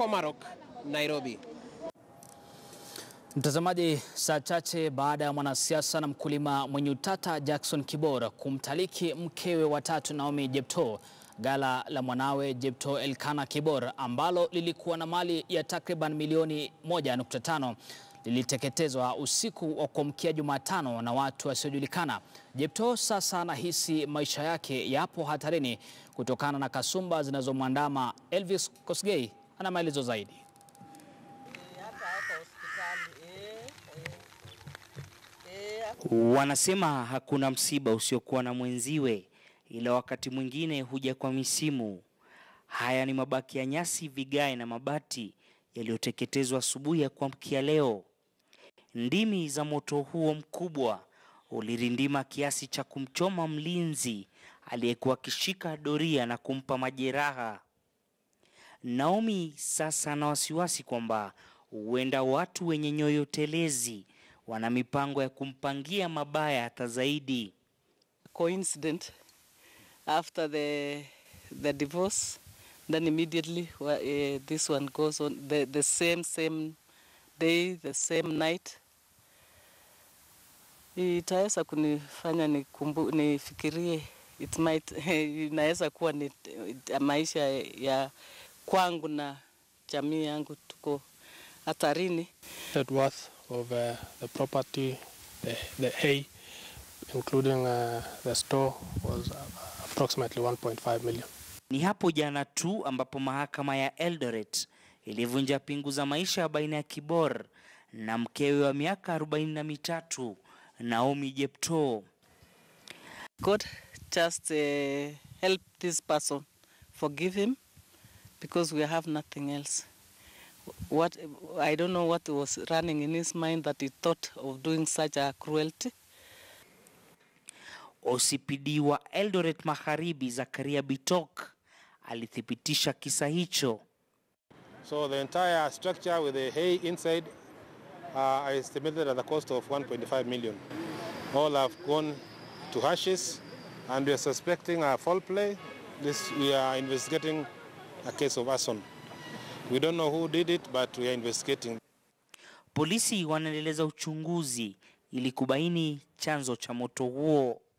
Komarok, Nairobi. Mtazamaji, saa chache baada ya mwanasiasa na mkulima mwenye utata Jackson Kibor kumtaliki mkewe wa tatu Naomi jepto gala la mwanawe jepto Elkana Kibor ambalo lilikuwa na mali ya takriban milioni 1.5 liliteketezwa usiku wa kuamkia Jumatano na watu wasiojulikana. jepto sasa anahisi maisha yake yapo hatarini kutokana na kasumba zinazomwandama. Elvis Kosgei ana maelezo zaidi. Wanasema hakuna msiba usiokuwa na mwenziwe, ila wakati mwingine huja kwa misimu. Haya ni mabaki ya nyasi, vigae na mabati yaliyoteketezwa asubuhi ya kuamkia leo. Ndimi za moto huo mkubwa ulirindima kiasi cha kumchoma mlinzi aliyekuwa akishika doria na kumpa majeraha. Naomi sasa ana wasiwasi kwamba huenda watu wenye nyoyo telezi wana mipango ya kumpangia mabaya hata zaidi. Coincident after the the divorce then immediately uh, this one goes on the, the same same day the same night itaweza kunifanya nikumbu, nifikirie it might inaweza kuwa ni eh, maisha ya kwangu na jamii yangu tuko hatarini. Net worth of uh, the property, the, the hay, including uh, the store was uh, approximately 1.5 million. Ni hapo jana tu ambapo mahakama ya Eldoret ilivunja pingu za maisha baina ya Kibor na mkewe wa miaka arobaini na mitatu Naomi Jeptoo. God just uh, help this person forgive him because we have nothing else. What I don't know what was running in his mind that he thought of doing such a cruelty. OCPD wa Eldoret Magharibi Zakaria Bitok alithibitisha kisa hicho. So the entire structure with the hay inside uh, are estimated at the cost of 1.5 million. All have gone to hashes and we are suspecting a foul play. This we are investigating a case of arson. We don't know who did it, but we are investigating. Polisi wanaendeleza uchunguzi ili kubaini chanzo cha moto huo.